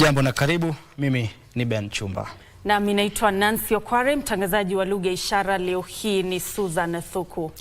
Jambo na karibu. Mimi ni Ben Chumba nami naitwa Nancy Okware. Mtangazaji wa lugha ya ishara leo hii ni Susan Thuku.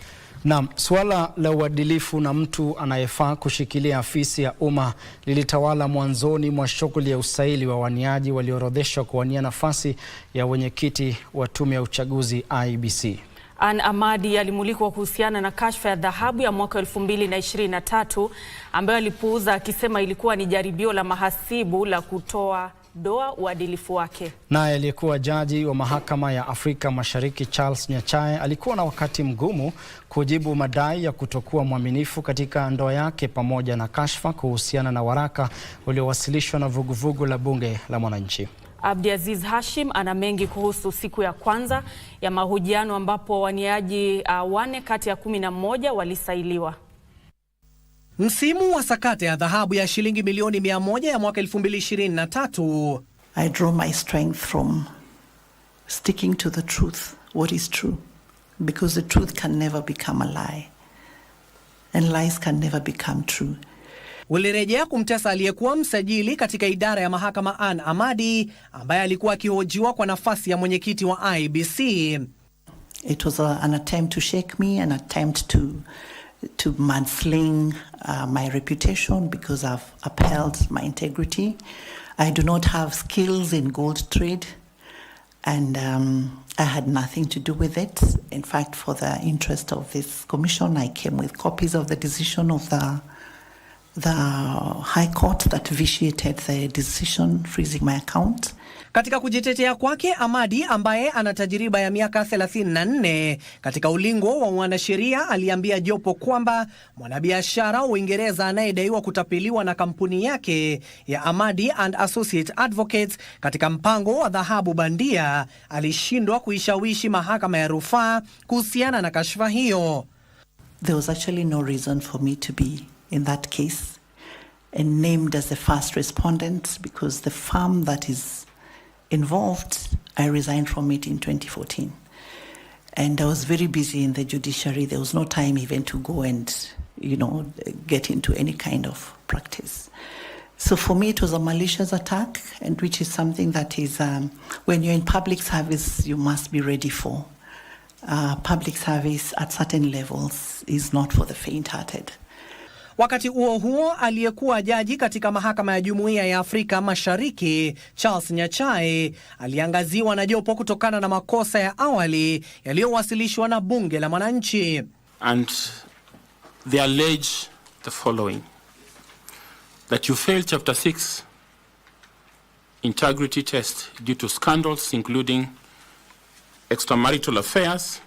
Naam, suala la uadilifu na mtu anayefaa kushikilia afisi ya umma lilitawala mwanzoni mwa shughuli ya usaili wa waniaji walioorodheshwa kuwania nafasi ya wenyekiti wa tume ya uchaguzi IEBC an Amadi alimulikwa kuhusiana na kashfa ya dhahabu ya mwaka 2023 ambayo alipuuza akisema ilikuwa ni jaribio la mahasibu la kutoa doa uadilifu wake. Naye aliyekuwa jaji wa mahakama ya Afrika Mashariki Charles Nyachae alikuwa na wakati mgumu kujibu madai ya kutokuwa mwaminifu katika ndoa yake pamoja na kashfa kuhusiana na waraka uliowasilishwa na vuguvugu la bunge la Mwananchi. Abdiaziz Hashim ana mengi kuhusu siku ya kwanza ya mahojiano ambapo waniaji uh, ah, wane kati ya kumi na mmoja walisailiwa. Msimu wa sakata ya dhahabu ya shilingi milioni mia moja ya mwaka elfu mbili na tatu. I draw my strength from sticking to the truth, what is true, because the truth can never become a lie and lies can never become true ulirejea kumtesa aliyekuwa msajili katika idara ya mahakama Ann Amadi ambaye alikuwa akihojiwa kwa nafasi ya mwenyekiti wa IBC. It was a, an attempt to shake me, an attempt to to mansling uh, my reputation because I've upheld my integrity. I do not have skills in gold trade and um, I had nothing to do with it. In fact, for the interest of this commission, I came with copies of the decision of the The High Court that vitiated the decision freezing my account. Katika kujitetea kwake, Amadi ambaye ana tajriba ya miaka 34 katika ulingo wa wanasheria aliambia jopo kwamba mwanabiashara Uingereza anayedaiwa kutapiliwa na kampuni yake ya Amadi and Associate Advocates katika mpango wa dhahabu bandia alishindwa kuishawishi mahakama ya rufaa kuhusiana na kashfa hiyo. There was actually no reason for me to be in that case and named as a first respondent because the firm that is involved, I resigned from it in 2014. And I was very busy in the judiciary. There was no time even to go and, you know, get into any kind of practice. So for me, it was a malicious attack, and which is something that is, um, when you're in public service, you must be ready for. Uh, public service at certain levels is not for the faint hearted. Wakati huo huo, aliyekuwa jaji katika mahakama ya Jumuiya ya Afrika Mashariki Charles Nyachae aliangaziwa na jopo kutokana na makosa ya awali yaliyowasilishwa na bunge la mwananchi. And they allege the following that you failed chapter 6 integrity test due to scandals including extramarital affairs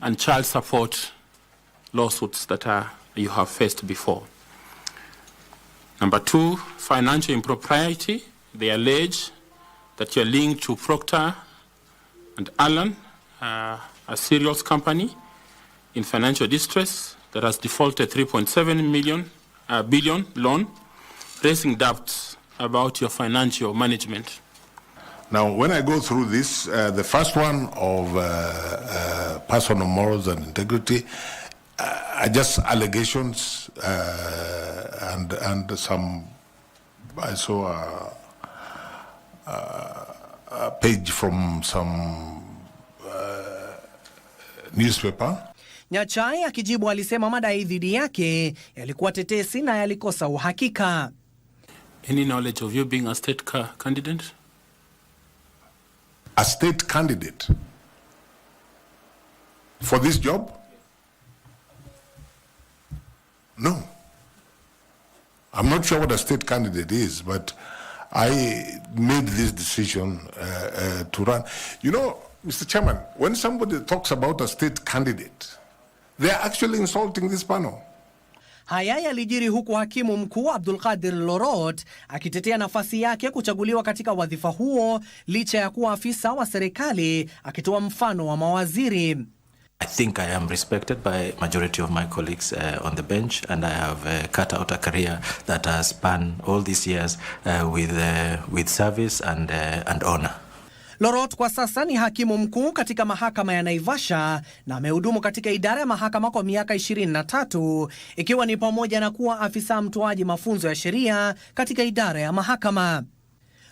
and child support lawsuits that are you have faced before. Number two, financial impropriety. They allege that you're linked to Procter and Allen, uh, a cereals company in financial distress that has defaulted 3.7 million uh, billion loan, raising doubts about your financial management. Now, when I go through this, uh, the first one of uh, uh, personal morals and integrity, uh, uh, just allegations uh, and and some. I saw a, a, a page from some uh, newspaper Nyachae akijibu alisema madai dhidi yake yalikuwa tetesi na yalikosa uhakika. Any knowledge of you being a state car candidate? A state candidate for this job? No. I'm not sure what a state candidate is, but I made this decision uh, uh, to run. You know, Mr. Chairman, when somebody talks about a state candidate, they are actually insulting this panel. Haya yalijiri huku hakimu mkuu Abdulkadir Lorot akitetea nafasi yake kuchaguliwa katika wadhifa huo licha ya kuwa afisa wa serikali akitoa mfano wa mawaziri. I think I am respected by majority of my colleagues uh, on the bench and I have uh, cut out a career that has spanned all these years uh, with, uh, with service and, uh, and honor. Lorot kwa sasa ni hakimu mkuu katika mahakama ya Naivasha na amehudumu katika idara ya mahakama kwa miaka 23 ikiwa ni pamoja na kuwa afisa mtoaji mafunzo ya sheria katika idara ya mahakama.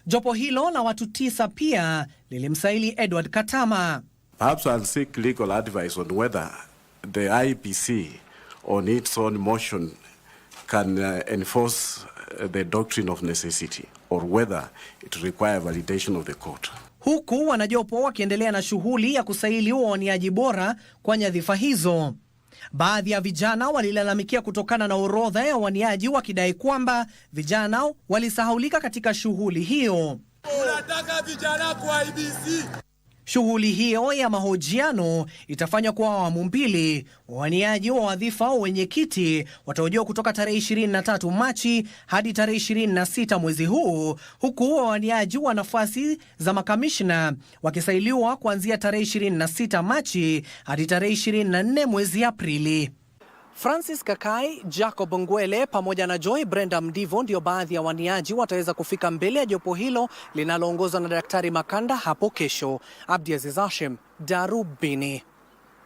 Jopo hilo la watu tisa pia lilimsaili Edward Katama. Perhaps I'll seek legal advice on whether the IPC on its own motion can uh, enforce uh, the doctrine of necessity or whether it require validation of the court. Huku wanajopo wakiendelea na shughuli ya kusaili waaniaji bora kwa nyadhifa hizo. Baadhi ya vijana walilalamikia kutokana na orodha ya waniaji wakidai kwamba vijana walisahaulika katika shughuli hiyo. Tunataka vijana kwa IBC. Shughuli hiyo ya mahojiano itafanywa kwa awamu mbili. Wawaniaji wa wadhifa wa wenyekiti wataojiwa kutoka tarehe 23 Machi hadi tarehe 26 mwezi huu, huku wawaniaji wa nafasi za makamishna wakisailiwa kuanzia tarehe 26 Machi hadi tarehe 24 mwezi Aprili. Francis Kakai, Jacob Ngwele pamoja na Joy Brenda Mdivo ndio baadhi ya waniaji wataweza kufika mbele ya jopo hilo linaloongozwa na Daktari Makanda hapo kesho. Abdiaziz Hashim, Darubini.